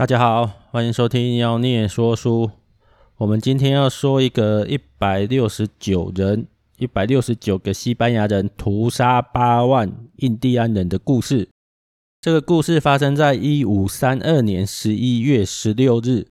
大家好，歡迎收聽妖孽說書。我們今天要說一個一百六十九人，一百六十九個西班牙人屠殺八萬印第安人的故事。這個故事發生在一五三二年十一月十六日，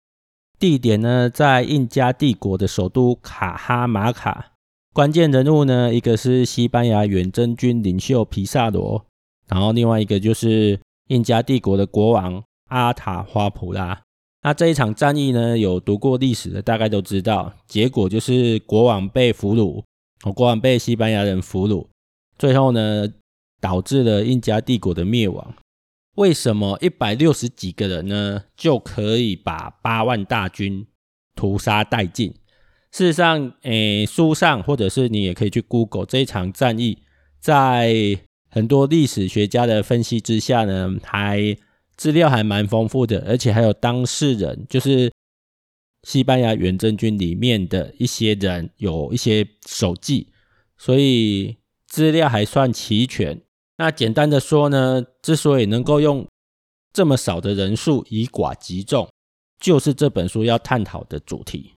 地點呢，在印加帝國的首都卡哈馬卡。關鍵人物呢，一個是西班牙遠征軍領袖皮薩羅，然後另外一個就是印加帝國的國王。阿塔花普拉，那這一場戰役呢，有讀過歷史的大概都知道，結果就是國王被俘虜，國王被西班牙人俘虜，最後呢導致了印加帝國的滅亡。為什麼一百六十幾個人呢就可以把八萬大軍屠殺殆盡？事實上，誒，書上或者是你也可以去 Google 這一場戰役，在很多歷史學家的分析之下呢，還資料還蠻豐富的，而且還有當事人，就是西班牙遠征軍裡面的一些人有一些手記，所以資料還算齊全。那簡單的說呢，之所以能夠用這麼少的人數以寡擊眾，就是這本書要探討的主題：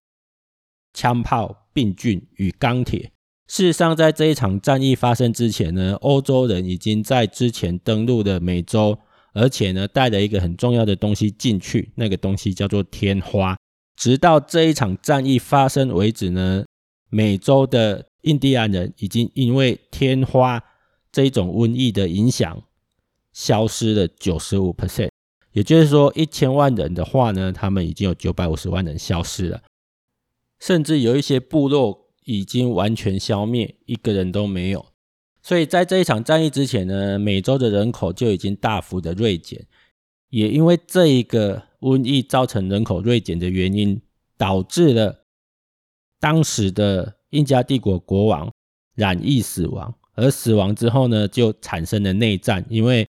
槍炮、病菌與鋼鐵。事實上，在這一場戰役發生之前呢，歐洲人已經在之前登陸了美洲。而且呢，帶了一個很重要的東西進去，那個東西叫做天花。直到這一場戰役發生為止呢，美洲的印第安人已經因為天花這一種瘟疫的影響，消失了九十五 percent。也就是說，一千萬人的話呢，他們已經有九百五十萬人消失了，甚至有一些部落已經完全消滅，一個人都沒有。所以在這一場戰役之前呢，美洲的人口就已經大幅的銳減，也因為這一個瘟疫造成人口銳減的原因，導致了當時的印加帝國國王染疫死亡，而死亡之後呢，就產生了內戰，因為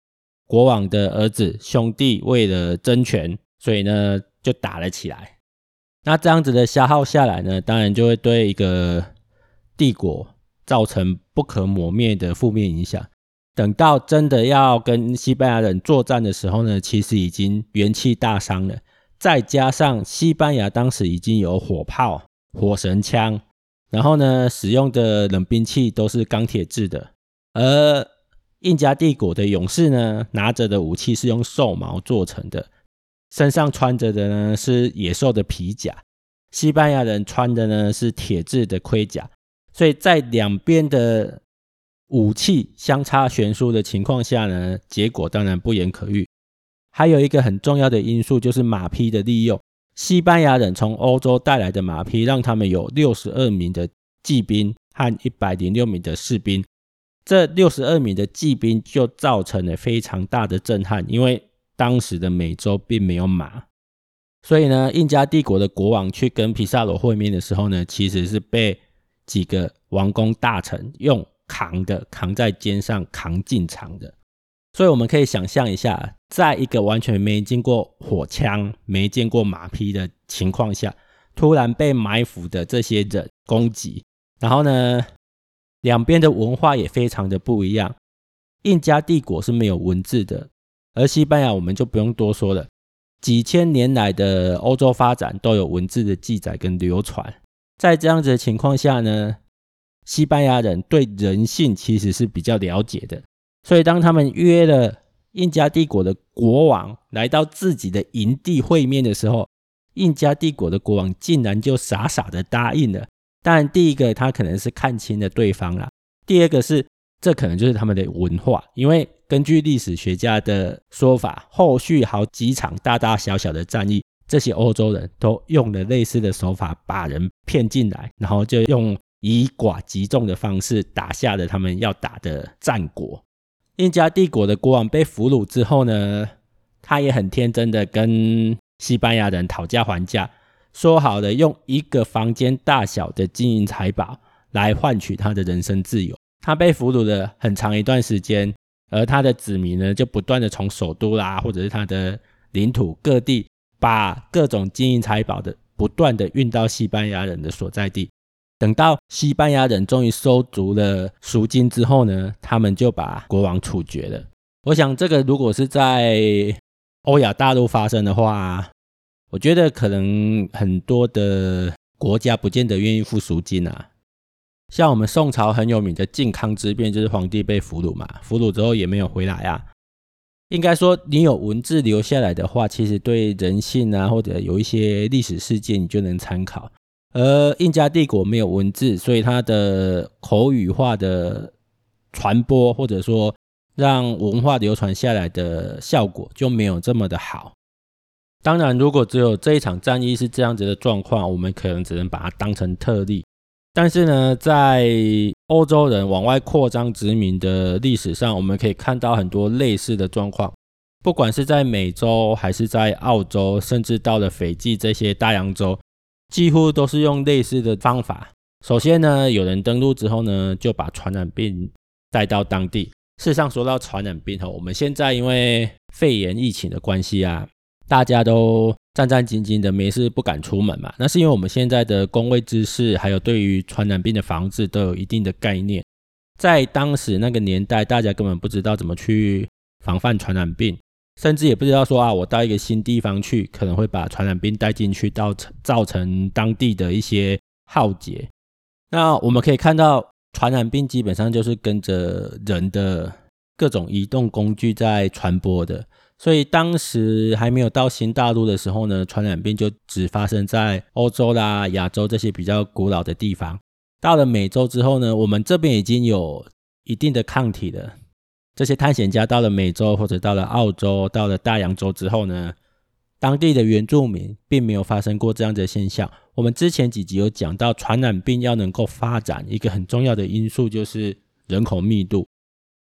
國王的兒子兄弟為了爭權，所以呢就打了起來。那這樣子的消耗下來呢，當然就會對一個帝國造成不可磨滅的負面影響。等到真的要跟西班牙人作戰的時候呢，其實已經元氣大傷了。再加上西班牙當時已經有火炮、火繩槍，然後呢，使用的冷兵器都是鋼鐵制的，而印加帝國的勇士呢，拿着的武器是用獸毛做成的，身上穿着的呢是野獸的皮甲，西班牙人穿的呢是鐵制的盔甲。所以在兩邊的武器相差懸殊的情況下呢，結果當然不言可喻。還有一個很重要的因素就是馬匹的利用。西班牙人從歐洲帶來的馬匹，讓他們有六十二名的騎兵和一百零六名的士兵。這六十二名的騎兵就造成了非常大的震撼，因為當時的美洲並沒有馬。所以呢，印加帝國的國王去跟皮薩羅會面的時候呢，其實是被幾個王公大臣用扛的，扛在肩上扛進場的，所以我們可以想象一下，在一個完全沒見過火槍、沒見過馬匹的情況下，突然被埋伏的這些人攻擊，然後呢，兩邊的文化也非常的不一樣。印加帝國是沒有文字的，而西班牙我們就不用多說了，幾千年來的歐洲發展都有文字的記載跟流傳。在這樣子的情況下呢，西班牙人對人性其實是比較了解的，所以當他們約了印加帝國的國王來到自己的營地會面的時候，印加帝國的國王竟然就傻傻的答應了。當然，第一個他可能是看清了對方啦，第二個是這可能就是他們的文化，因為根據歷史學家的說法，後續好幾場大大小小的戰役。這些歐洲人都用了類似的手法把人騙進來，然後就用以寡擊眾的方式打下了他們要打的戰果。印加帝國的國王被俘虜之後呢，他也很天真的跟西班牙人討價還價，說好了用一個房間大小的金銀財寶來換取他的人身自由。他被俘虜了很長一段時間，而他的子民呢，就不斷的從首都啦，或者是他的領土各地。把各種金銀財寶的不斷的運到西班牙人的所在地，等到西班牙人終於收足了贖金之後呢，他們就把國王處決了。我想這個如果是在歐亞大陸發生的話，我覺得可能很多的國家不見得願意付贖金啊。像我們宋朝很有名的靖康之變，就是皇帝被俘虜嘛，俘虜之後也沒有回來啊。應該說，你有文字留下來的話，其實對人性啊，或者有一些歷史事件，你就能參考。而印加帝國沒有文字，所以它的口語化的傳播，或者說讓文化流傳下來的效果，就沒有這麼的好。當然，如果只有這一場戰役是這樣子的狀況，我們可能只能把它當成特例。但是呢，在歐洲人往外擴張殖民的歷史上，我們可以看到很多類似的狀況。不管是在美洲，還是在澳洲，甚至到了斐濟這些大洋洲，幾乎都是用類似的方法。首先呢，有人登陸之後呢，就把傳染病帶到當地。事實上，說到傳染病哈，我們現在因為肺炎疫情的關係啊。大家都戰戰兢兢的，沒事不敢出門嘛？那是因為我們現在的公共衛生，還有對於傳染病的防治都有一定的概念。在當時那個年代，大家根本不知道怎麼去防範傳染病，甚至也不知道說啊，我到一個新地方去，可能會把傳染病帶進去，造成造成當地的一些浩劫。那我們可以看到，傳染病基本上就是跟着人的各種移動工具在傳播的。所以當時還沒有到新大陸的時候呢，傳染病就只發生在歐洲啦、亞洲這些比較古老的地方。到了美洲之後呢，我們這邊已經有一定的抗體了。這些探險家到了美洲或者到了澳洲、到了大洋洲之後呢，當地的原住民並沒有發生過這樣的現象。我們之前幾集有講到，傳染病要能夠發展，一個很重要的因素就是人口密度。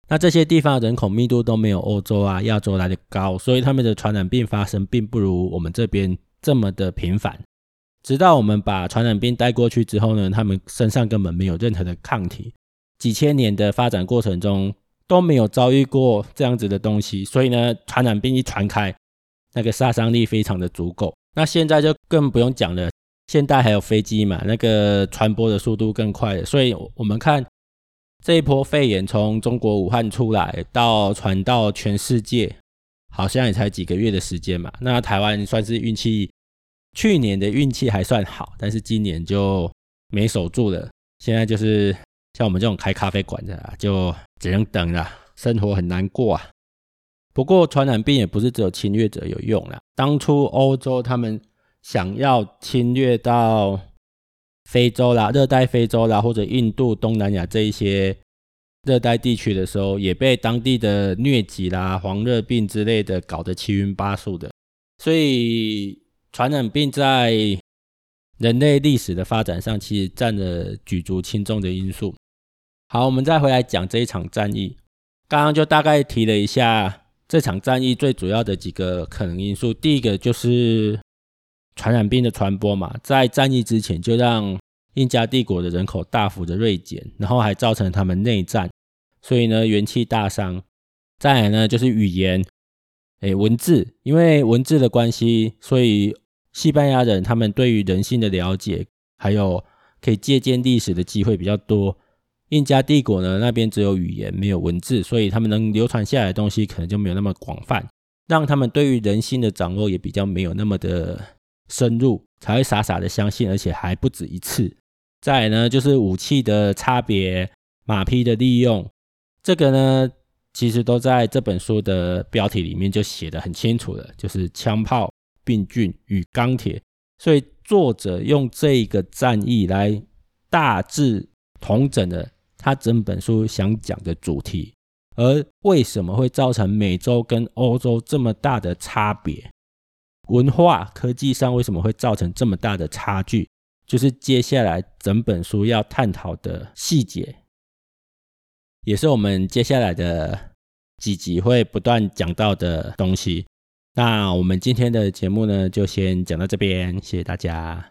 那這些地方人口密度都沒有歐洲啊、亞洲來得高，所以他們的傳染病發生並不如我們這邊這麼的頻繁。直到我們把傳染病帶過去之後呢，他們身上根本沒有任何的抗體，幾千年的發展過程中都沒有遭遇過這樣子的東西，所以呢，傳染病一傳開，那個殺傷力非常的足夠。那現在就更不用講了，現代還有飛機嘛，那個傳播的速度更快了，所以我們看。這一波肺炎從中國武漢出來，到傳到全世界，好像也才幾個月的時間嘛。那台灣算是運氣，去年的運氣還算好，但是今年就沒守住了。現在就是像我們這種開咖啡館的，就只能等啦，生活很難過啊。不過傳染病也不是只有侵略者有用啦，當初歐洲他們想要侵略到。非洲啦，熱帶非洲啦，或者印度、東南亞這一些熱帶地區的時候，也被當地的瘧疾啦、黃熱病之類的搞得七暈八素的。所以，傳染病在人類歷史的發展上，其實佔了舉足輕重的因素。好，我們再回來講這一場戰役，剛剛就大概提了一下這場戰役最主要的幾個可能因素。第一個就是傳染病的傳播嘛，在戰役之前就讓印加帝國的人口大幅的銳減，然後還造成了他們內戰，所以呢元氣大傷。再來呢就是語言，誒，文字，因為文字的關係，所以西班牙人他們對於人性的了解，還有可以借鑑歷史的機會比較多。印加帝國呢那邊只有語言，沒有文字，所以他們能流傳下來的東西可能就沒有那麼廣泛，讓他們對於人性的掌握也比較沒有那麼的深入，才會傻傻的相信，而且還不止一次。再來呢，就是武器的差別，馬匹的利用，這個呢，其實都在這本書的標題裡面就寫得很清楚了，就是槍炮、病菌與鋼鐵。所以作者用這個戰役來大致統整了他整本書想講的主題。而為什麼會造成美洲跟歐洲這麼大的差別？文化、科技上為什麼會造成這麼大的差距？就是接下來整本書要探討的細節，也是我們接下來的幾集會不斷講到的東西。那我們今天的節目呢，就先講到這邊，謝謝大家。